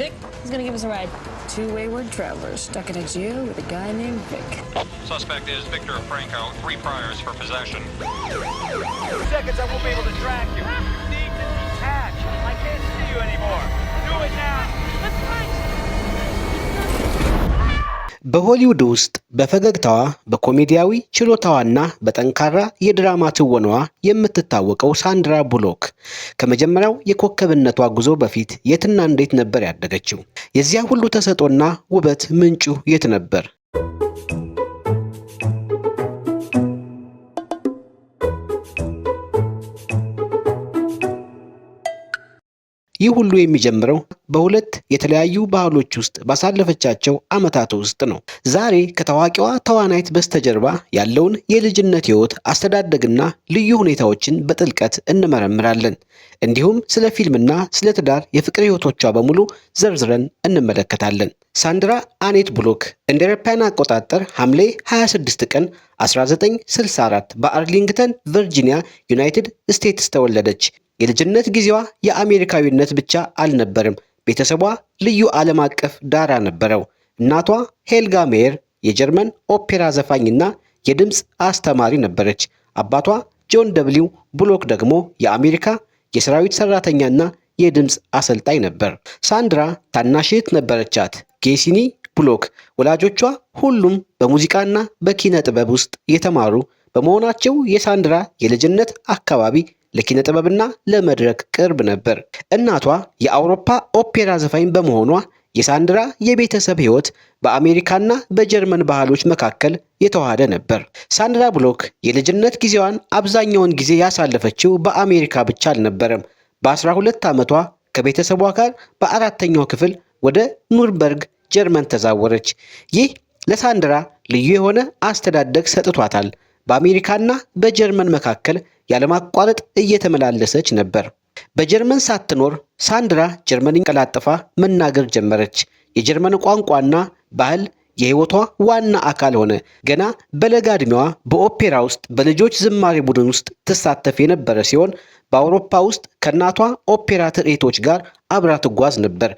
Vic. He's gonna give us a ride. Two wayward travelers stuck in a jail with a guy named Vic. Suspect is Victor Franco, three priors for possession. Seconds, I won't be able to track you. Need to detach. I can't see you anymore. Do it now. Let's find በሆሊውድ ውስጥ በፈገግታዋ በኮሜዲያዊ ችሎታዋና በጠንካራ የድራማ ትወናዋ የምትታወቀው ሳንድራ ቡሎክ ከመጀመሪያው የኮከብነቷ ጉዞ በፊት የትና እንዴት ነበር ያደገችው? የዚያ ሁሉ ተሰጦና ውበት ምንጩ የት ነበር? ይህ ሁሉ የሚጀምረው በሁለት የተለያዩ ባህሎች ውስጥ ባሳለፈቻቸው ዓመታት ውስጥ ነው። ዛሬ ከታዋቂዋ ተዋናይት በስተጀርባ ያለውን የልጅነት ሕይወት አስተዳደግና ልዩ ሁኔታዎችን በጥልቀት እንመረምራለን። እንዲሁም ስለ ፊልምና ስለ ትዳር የፍቅር ሕይወቶቿ በሙሉ ዘርዝረን እንመለከታለን። ሳንድራ አኔት ብሎክ እንደ አውሮፓውያን አቆጣጠር ሐምሌ 26 ቀን 1964 በአርሊንግተን ቨርጂኒያ፣ ዩናይትድ ስቴትስ ተወለደች። የልጅነት ጊዜዋ የአሜሪካዊነት ብቻ አልነበርም። ቤተሰቧ ልዩ ዓለም አቀፍ ዳራ ነበረው። እናቷ ሄልጋ ሜየር የጀርመን ኦፔራ ዘፋኝና የድምፅ አስተማሪ ነበረች። አባቷ ጆን ደብሊው ብሎክ ደግሞ የአሜሪካ የሰራዊት ሰራተኛና የድምፅ አሰልጣኝ ነበር። ሳንድራ ታናሽ እህት ነበረቻት፣ ጌሲኒ ብሎክ። ወላጆቿ ሁሉም በሙዚቃና በኪነ ጥበብ ውስጥ የተማሩ በመሆናቸው የሳንድራ የልጅነት አካባቢ ለኪነ ጥበብና ለመድረክ ቅርብ ነበር። እናቷ የአውሮፓ ኦፔራ ዘፋኝ በመሆኗ የሳንድራ የቤተሰብ ህይወት በአሜሪካና በጀርመን ባህሎች መካከል የተዋሃደ ነበር። ሳንድራ ብሎክ የልጅነት ጊዜዋን አብዛኛውን ጊዜ ያሳለፈችው በአሜሪካ ብቻ አልነበረም። በ12 ዓመቷ ከቤተሰቧ ጋር በአራተኛው ክፍል ወደ ኑርንበርግ ጀርመን ተዛወረች። ይህ ለሳንድራ ልዩ የሆነ አስተዳደግ ሰጥቷታል። በአሜሪካና በጀርመን መካከል ያለማቋረጥ እየተመላለሰች ነበር። በጀርመን ሳትኖር ሳንድራ ጀርመንን ቀላጥፋ መናገር ጀመረች። የጀርመን ቋንቋና ባህል የህይወቷ ዋና አካል ሆነ። ገና በለጋ ዕድሜዋ በኦፔራ ውስጥ በልጆች ዝማሬ ቡድን ውስጥ ትሳተፍ የነበረ ሲሆን በአውሮፓ ውስጥ ከእናቷ ኦፔራ ትርኢቶች ጋር አብራ ትጓዝ ነበር።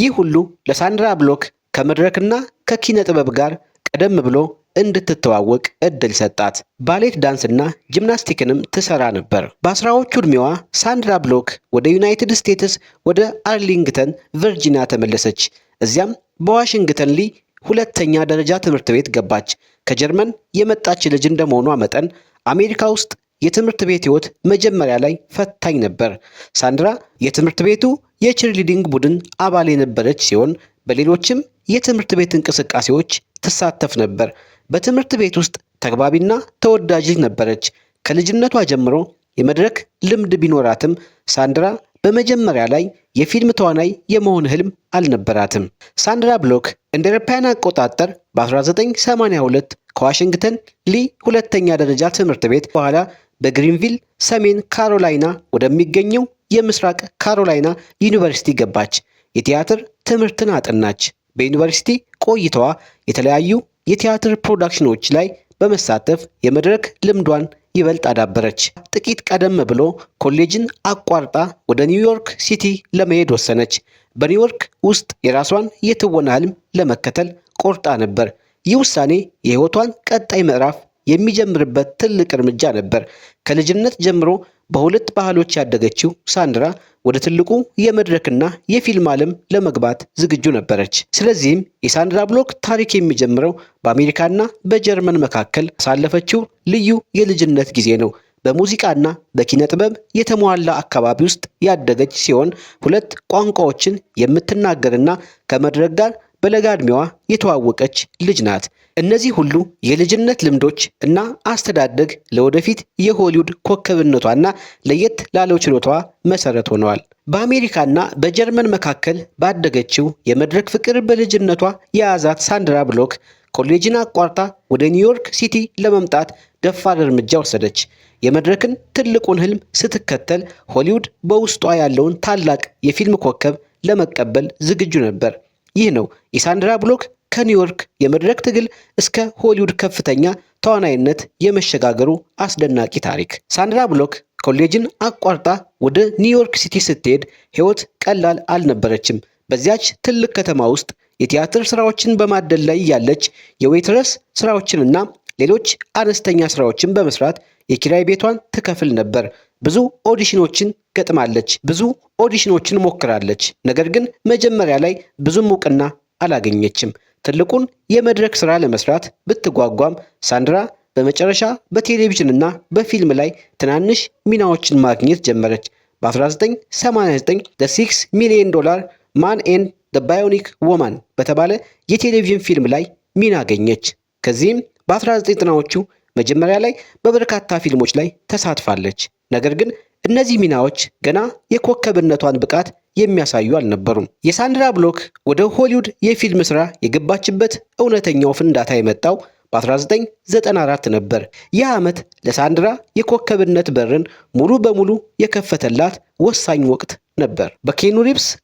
ይህ ሁሉ ለሳንድራ ብሎክ ከመድረክና ከኪነ ጥበብ ጋር ቀደም ብሎ እንድትተዋወቅ እድል ሰጣት። ባሌት ዳንስና ጂምናስቲክንም ትሰራ ነበር። በአስራዎቹ ዕድሜዋ ሳንድራ ብሎክ ወደ ዩናይትድ ስቴትስ ወደ አርሊንግተን ቨርጂኒያ ተመለሰች። እዚያም በዋሽንግተን ሊ ሁለተኛ ደረጃ ትምህርት ቤት ገባች። ከጀርመን የመጣች ልጅ እንደመሆኗ መጠን አሜሪካ ውስጥ የትምህርት ቤት ህይወት መጀመሪያ ላይ ፈታኝ ነበር። ሳንድራ የትምህርት ቤቱ የችርሊዲንግ ቡድን አባል የነበረች ሲሆን በሌሎችም የትምህርት ቤት እንቅስቃሴዎች ትሳተፍ ነበር። በትምህርት ቤት ውስጥ ተግባቢና ተወዳጅ ልጅ ነበረች። ከልጅነቷ ጀምሮ የመድረክ ልምድ ቢኖራትም ሳንድራ በመጀመሪያ ላይ የፊልም ተዋናይ የመሆን ህልም አልነበራትም። ሳንድራ ብሎክ እንደ አውሮፓውያን አቆጣጠር በ1982 ከዋሽንግተን ሊ ሁለተኛ ደረጃ ትምህርት ቤት በኋላ በግሪንቪል ሰሜን ካሮላይና ወደሚገኘው የምስራቅ ካሮላይና ዩኒቨርሲቲ ገባች። የቲያትር ትምህርትን አጠናች። በዩኒቨርሲቲ ቆይታዋ የተለያዩ የቲያትር ፕሮዳክሽኖች ላይ በመሳተፍ የመድረክ ልምዷን ይበልጥ አዳበረች። ጥቂት ቀደም ብሎ ኮሌጅን አቋርጣ ወደ ኒውዮርክ ሲቲ ለመሄድ ወሰነች። በኒውዮርክ ውስጥ የራሷን የትወና ህልም ለመከተል ቆርጣ ነበር። ይህ ውሳኔ የህይወቷን ቀጣይ ምዕራፍ የሚጀምርበት ትልቅ እርምጃ ነበር። ከልጅነት ጀምሮ በሁለት ባህሎች ያደገችው ሳንድራ ወደ ትልቁ የመድረክና የፊልም ዓለም ለመግባት ዝግጁ ነበረች። ስለዚህም የሳንድራ ብሎክ ታሪክ የሚጀምረው በአሜሪካና በጀርመን መካከል ያሳለፈችው ልዩ የልጅነት ጊዜ ነው። በሙዚቃና በኪነ ጥበብ የተሟላ አካባቢ ውስጥ ያደገች ሲሆን ሁለት ቋንቋዎችን የምትናገርና ከመድረክ ጋር በለጋ ዕድሜዋ የተዋወቀች ልጅ ናት። እነዚህ ሁሉ የልጅነት ልምዶች እና አስተዳደግ ለወደፊት የሆሊውድ ኮከብነቷና ለየት ላለው ችሎታዋ መሰረት ሆነዋል። በአሜሪካና በጀርመን መካከል ባደገችው የመድረክ ፍቅር በልጅነቷ የያዛት ሳንድራ ብሎክ ኮሌጅን አቋርታ ወደ ኒውዮርክ ሲቲ ለመምጣት ደፋር እርምጃ ወሰደች። የመድረክን ትልቁን ህልም ስትከተል ሆሊውድ በውስጧ ያለውን ታላቅ የፊልም ኮከብ ለመቀበል ዝግጁ ነበር። ይህ ነው የሳንድራ ብሎክ ከኒውዮርክ የመድረክ ትግል እስከ ሆሊውድ ከፍተኛ ተዋናይነት የመሸጋገሩ አስደናቂ ታሪክ። ሳንድራ ብሎክ ኮሌጅን አቋርጣ ወደ ኒውዮርክ ሲቲ ስትሄድ ሕይወት ቀላል አልነበረችም። በዚያች ትልቅ ከተማ ውስጥ የቲያትር ስራዎችን በማደል ላይ ያለች የዌትረስ ስራዎችንና ሌሎች አነስተኛ ስራዎችን በመስራት የኪራይ ቤቷን ትከፍል ነበር። ብዙ ኦዲሽኖችን ገጥማለች። ብዙ ኦዲሽኖችን ሞክራለች። ነገር ግን መጀመሪያ ላይ ብዙም እውቅና አላገኘችም። ትልቁን የመድረክ ስራ ለመስራት ብትጓጓም ሳንድራ በመጨረሻ በቴሌቪዥንና በፊልም ላይ ትናንሽ ሚናዎችን ማግኘት ጀመረች። በ1989 ለ6 ሚሊዮን ዶላር ማን ኤንድ ደ ባዮኒክ ወማን በተባለ የቴሌቪዥን ፊልም ላይ ሚና አገኘች። ከዚህም በ1990ዎቹ መጀመሪያ ላይ በበርካታ ፊልሞች ላይ ተሳትፋለች። ነገር ግን እነዚህ ሚናዎች ገና የኮከብነቷን ብቃት የሚያሳዩ አልነበሩም። የሳንድራ ብሎክ ወደ ሆሊውድ የፊልም ስራ የገባችበት እውነተኛው ፍንዳታ የመጣው በ1994 ነበር። ይህ ዓመት ለሳንድራ የኮከብነት በርን ሙሉ በሙሉ የከፈተላት ወሳኝ ወቅት ነበር። በኬኑ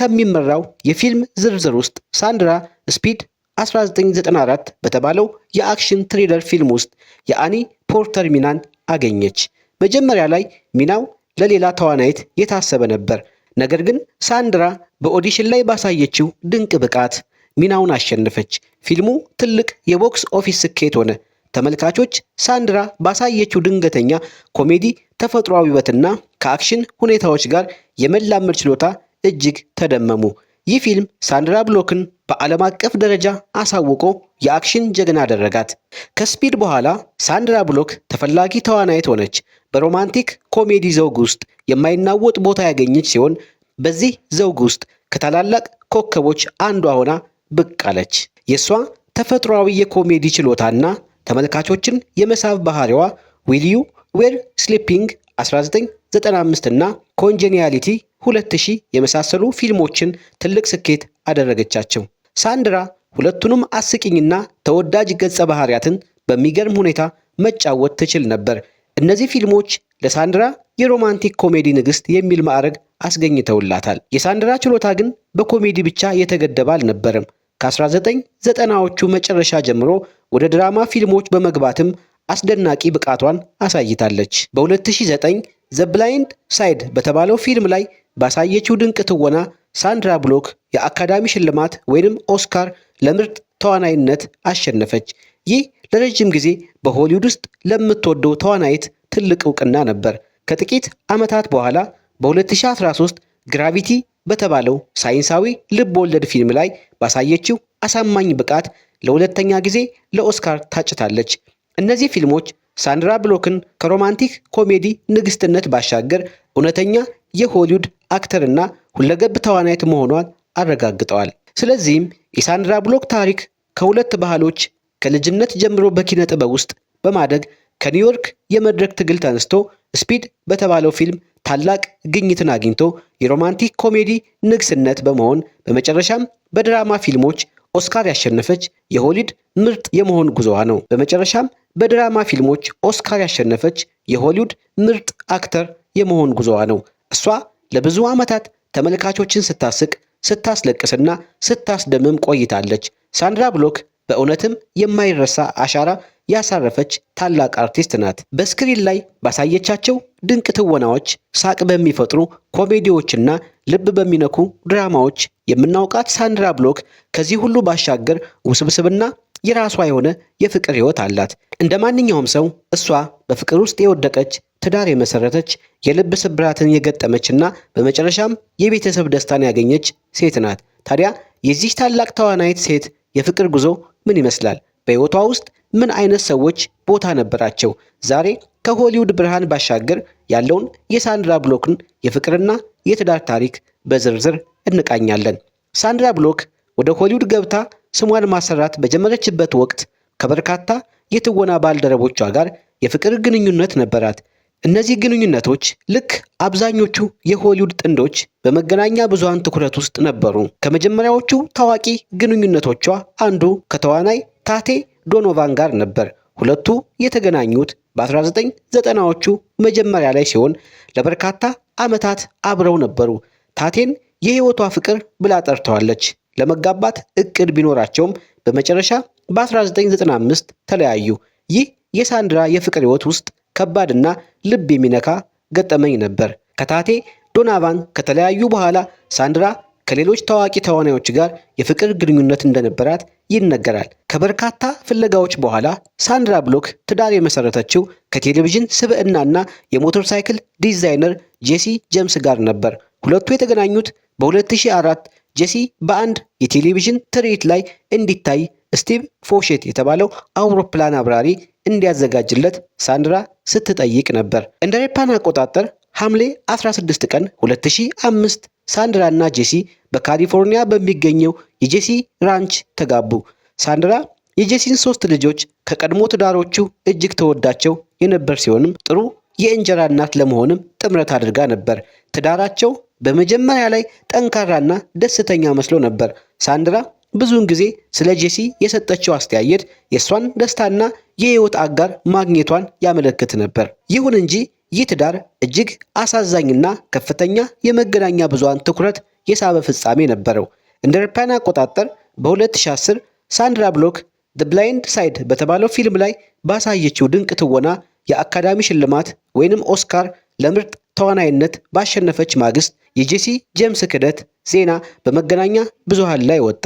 ከሚመራው የፊልም ዝርዝር ውስጥ ሳንድራ ስፒድ 1994 በተባለው የአክሽን ትሪለር ፊልም ውስጥ የአኒ ፖርተር ሚናን አገኘች። መጀመሪያ ላይ ሚናው ለሌላ ተዋናይት የታሰበ ነበር። ነገር ግን ሳንድራ በኦዲሽን ላይ ባሳየችው ድንቅ ብቃት ሚናውን አሸነፈች። ፊልሙ ትልቅ የቦክስ ኦፊስ ስኬት ሆነ። ተመልካቾች ሳንድራ ባሳየችው ድንገተኛ ኮሜዲ፣ ተፈጥሯዊ ውበትና ከአክሽን ሁኔታዎች ጋር የመላመድ ችሎታ እጅግ ተደመሙ። ይህ ፊልም ሳንድራ ብሎክን በዓለም አቀፍ ደረጃ አሳውቆ የአክሽን ጀግና አደረጋት። ከስፒድ በኋላ ሳንድራ ብሎክ ተፈላጊ ተዋናይት ሆነች። በሮማንቲክ ኮሜዲ ዘውግ ውስጥ የማይናወጥ ቦታ ያገኘች ሲሆን በዚህ ዘውግ ውስጥ ከታላላቅ ኮከቦች አንዷ ሆና ብቅ አለች። የእሷ ተፈጥሯዊ የኮሜዲ ችሎታና ተመልካቾችን የመሳብ ባህሪዋ ዊልዩ ዌር ስሊፒንግ 1995 እና ኮንጀኒያሊቲ 2000 የመሳሰሉ ፊልሞችን ትልቅ ስኬት አደረገቻቸው። ሳንድራ ሁለቱንም አስቂኝና ተወዳጅ ገጸ ባህሪያትን በሚገርም ሁኔታ መጫወት ትችል ነበር። እነዚህ ፊልሞች ለሳንድራ የሮማንቲክ ኮሜዲ ንግሥት የሚል ማዕረግ አስገኝተውላታል። የሳንድራ ችሎታ ግን በኮሜዲ ብቻ የተገደበ አልነበረም። ከ1990ዎቹ መጨረሻ ጀምሮ ወደ ድራማ ፊልሞች በመግባትም አስደናቂ ብቃቷን አሳይታለች። በ2009 ዘ ብላይንድ ሳይድ በተባለው ፊልም ላይ ባሳየችው ድንቅ ትወና ሳንድራ ብሎክ የአካዳሚ ሽልማት ወይም ኦስካር ለምርጥ ተዋናይነት አሸነፈች። ይህ ለረጅም ጊዜ በሆሊውድ ውስጥ ለምትወደው ተዋናይት ትልቅ እውቅና ነበር። ከጥቂት ዓመታት በኋላ በ2013 ግራቪቲ በተባለው ሳይንሳዊ ልብ ወለድ ፊልም ላይ ባሳየችው አሳማኝ ብቃት ለሁለተኛ ጊዜ ለኦስካር ታጭታለች። እነዚህ ፊልሞች ሳንድራ ብሎክን ከሮማንቲክ ኮሜዲ ንግስትነት ባሻገር እውነተኛ የሆሊውድ አክተርና ሁለገብ ተዋናይት መሆኗን አረጋግጠዋል። ስለዚህም የሳንድራ ብሎክ ታሪክ ከሁለት ባህሎች ከልጅነት ጀምሮ በኪነ ጥበብ ውስጥ በማደግ ከኒውዮርክ የመድረክ ትግል ተነስቶ ስፒድ በተባለው ፊልም ታላቅ ግኝትን አግኝቶ የሮማንቲክ ኮሜዲ ንግስነት በመሆን በመጨረሻም በድራማ ፊልሞች ኦስካር ያሸነፈች የሆሊድ ምርጥ የመሆን ጉዞዋ ነው። በመጨረሻም በድራማ ፊልሞች ኦስካር ያሸነፈች የሆሊውድ ምርጥ አክተር የመሆን ጉዞዋ ነው። እሷ ለብዙ ዓመታት ተመልካቾችን ስታስቅ ስታስለቅስና ስታስደምም ቆይታለች። ሳንድራ ብሎክ በእውነትም የማይረሳ አሻራ ያሳረፈች ታላቅ አርቲስት ናት። በስክሪን ላይ ባሳየቻቸው ድንቅ ትወናዎች፣ ሳቅ በሚፈጥሩ ኮሜዲዎችና ልብ በሚነኩ ድራማዎች የምናውቃት ሳንድራ ብሎክ ከዚህ ሁሉ ባሻገር ውስብስብና የራሷ የሆነ የፍቅር ህይወት አላት። እንደ ማንኛውም ሰው እሷ በፍቅር ውስጥ የወደቀች ትዳር የመሰረተች የልብ ስብራትን የገጠመችና በመጨረሻም የቤተሰብ ደስታን ያገኘች ሴት ናት። ታዲያ የዚህ ታላቅ ተዋናይት ሴት የፍቅር ጉዞ ምን ይመስላል? በህይወቷ ውስጥ ምን አይነት ሰዎች ቦታ ነበራቸው? ዛሬ ከሆሊውድ ብርሃን ባሻገር ያለውን የሳንድራ ብሎክን የፍቅርና የትዳር ታሪክ በዝርዝር እንቃኛለን። ሳንድራ ብሎክ ወደ ሆሊውድ ገብታ ስሟን ማሰራት በጀመረችበት ወቅት ከበርካታ የትወና ባልደረቦቿ ጋር የፍቅር ግንኙነት ነበራት። እነዚህ ግንኙነቶች ልክ አብዛኞቹ የሆሊውድ ጥንዶች በመገናኛ ብዙሃን ትኩረት ውስጥ ነበሩ። ከመጀመሪያዎቹ ታዋቂ ግንኙነቶቿ አንዱ ከተዋናይ ታቴ ዶኖቫን ጋር ነበር። ሁለቱ የተገናኙት በ1990ዎቹ መጀመሪያ ላይ ሲሆን ለበርካታ ዓመታት አብረው ነበሩ። ታቴን የሕይወቷ ፍቅር ብላ ጠርተዋለች። ለመጋባት እቅድ ቢኖራቸውም በመጨረሻ በ1995 ተለያዩ። ይህ የሳንድራ የፍቅር ሕይወት ውስጥ ከባድና ልብ የሚነካ ገጠመኝ ነበር። ከታቴ ዶናቫን ከተለያዩ በኋላ ሳንድራ ከሌሎች ታዋቂ ተዋናዮች ጋር የፍቅር ግንኙነት እንደነበራት ይነገራል። ከበርካታ ፍለጋዎች በኋላ ሳንድራ ብሎክ ትዳር የመሰረተችው ከቴሌቪዥን ስብዕናና የሞተር ሳይክል ዲዛይነር ጄሲ ጄምስ ጋር ነበር። ሁለቱ የተገናኙት በ2004 ጄሲ በአንድ የቴሌቪዥን ትርኢት ላይ እንዲታይ ስቲቭ ፎሼት የተባለው አውሮፕላን አብራሪ እንዲያዘጋጅለት ሳንድራ ስትጠይቅ ነበር። እንደ ሬፓን አቆጣጠር ሐምሌ 16 ቀን 2005 ሳንድራ እና ጄሲ በካሊፎርኒያ በሚገኘው የጄሲ ራንች ተጋቡ። ሳንድራ የጄሲን ሶስት ልጆች ከቀድሞ ትዳሮቹ እጅግ ተወዳቸው የነበር ሲሆንም ጥሩ የእንጀራ እናት ለመሆንም ጥምረት አድርጋ ነበር። ትዳራቸው በመጀመሪያ ላይ ጠንካራና ደስተኛ መስሎ ነበር። ሳንድራ ብዙውን ጊዜ ስለ ጄሲ የሰጠችው አስተያየት የእሷን ደስታና የህይወት አጋር ማግኘቷን ያመለክት ነበር። ይሁን እንጂ ይህ ትዳር እጅግ አሳዛኝና ከፍተኛ የመገናኛ ብዙሃን ትኩረት የሳበ ፍጻሜ ነበረው። እንደ አውሮፓውያን አቆጣጠር በ2010 ሳንድራ ብሎክ ዘ ብላይንድ ሳይድ በተባለው ፊልም ላይ ባሳየችው ድንቅ ትወና የአካዳሚ ሽልማት ወይንም ኦስካር ለምርጥ ተዋናይነት ባሸነፈች ማግስት የጄሲ ጄምስ ክህደት ዜና በመገናኛ ብዙሃን ላይ ወጣ።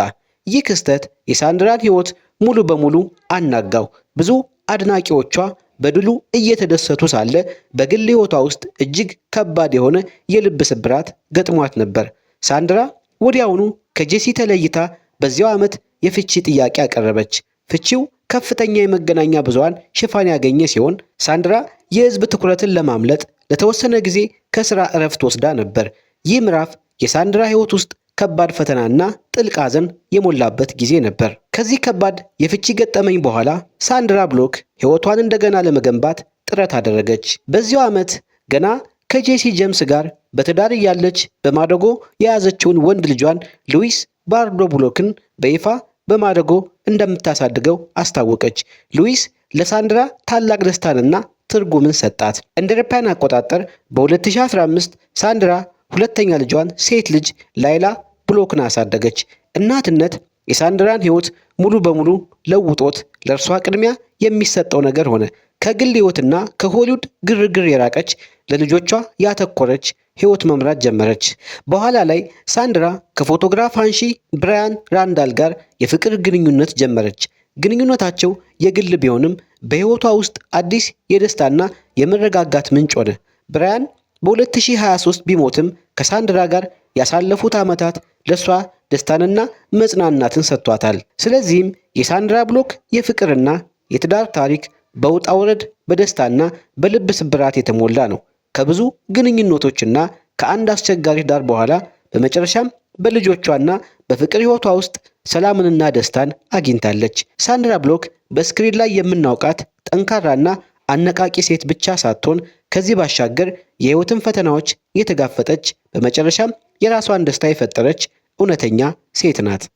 ይህ ክስተት የሳንድራን ሕይወት ሙሉ በሙሉ አናጋው። ብዙ አድናቂዎቿ በድሉ እየተደሰቱ ሳለ በግል ሕይወቷ ውስጥ እጅግ ከባድ የሆነ የልብ ስብራት ገጥሟት ነበር። ሳንድራ ወዲያውኑ ከጄሲ ተለይታ በዚያው ዓመት የፍቺ ጥያቄ አቀረበች። ፍቺው ከፍተኛ የመገናኛ ብዙሃን ሽፋን ያገኘ ሲሆን ሳንድራ የሕዝብ ትኩረትን ለማምለጥ ለተወሰነ ጊዜ ከስራ እረፍት ወስዳ ነበር። ይህ ምዕራፍ የሳንድራ ህይወት ውስጥ ከባድ ፈተናና ጥልቅ ሐዘን የሞላበት ጊዜ ነበር። ከዚህ ከባድ የፍቺ ገጠመኝ በኋላ ሳንድራ ብሎክ ህይወቷን እንደገና ለመገንባት ጥረት አደረገች። በዚያው ዓመት ገና ከጄሲ ጀምስ ጋር በትዳር እያለች በማደጎ የያዘችውን ወንድ ልጇን ሉዊስ ባርዶ ብሎክን በይፋ በማደጎ እንደምታሳድገው አስታወቀች። ሉዊስ ለሳንድራ ታላቅ ደስታንና ትርጉምን ሰጣት። እንደ አውሮፓውያን አቆጣጠር በ2015 ሳንድራ ሁለተኛ ልጇን ሴት ልጅ ላይላ ብሎክን አሳደገች። እናትነት የሳንድራን ሕይወት ሙሉ በሙሉ ለውጦት ለእርሷ ቅድሚያ የሚሰጠው ነገር ሆነ። ከግል ሕይወትና ከሆሊውድ ግርግር የራቀች ለልጆቿ ያተኮረች ሕይወት መምራት ጀመረች። በኋላ ላይ ሳንድራ ከፎቶግራፍ አንሺ ብራያን ራንዳል ጋር የፍቅር ግንኙነት ጀመረች። ግንኙነታቸው የግል ቢሆንም በሕይወቷ ውስጥ አዲስ የደስታና የመረጋጋት ምንጭ ሆነ። ብራያን በ2023 ቢሞትም ከሳንድራ ጋር ያሳለፉት ዓመታት ለእሷ ደስታንና መጽናናትን ሰጥቷታል። ስለዚህም የሳንድራ ብሎክ የፍቅርና የትዳር ታሪክ በውጣ ውረድ፣ በደስታና በልብ ስብራት የተሞላ ነው። ከብዙ ግንኙነቶችና ከአንድ አስቸጋሪ ዳር በኋላ በመጨረሻም በልጆቿና በፍቅር ሕይወቷ ውስጥ ሰላምንና ደስታን አግኝታለች። ሳንድራ ብሎክ በስክሪን ላይ የምናውቃት ጠንካራና አነቃቂ ሴት ብቻ ሳትሆን ከዚህ ባሻገር የህይወትን ፈተናዎች የተጋፈጠች በመጨረሻም የራሷን ደስታ የፈጠረች እውነተኛ ሴት ናት።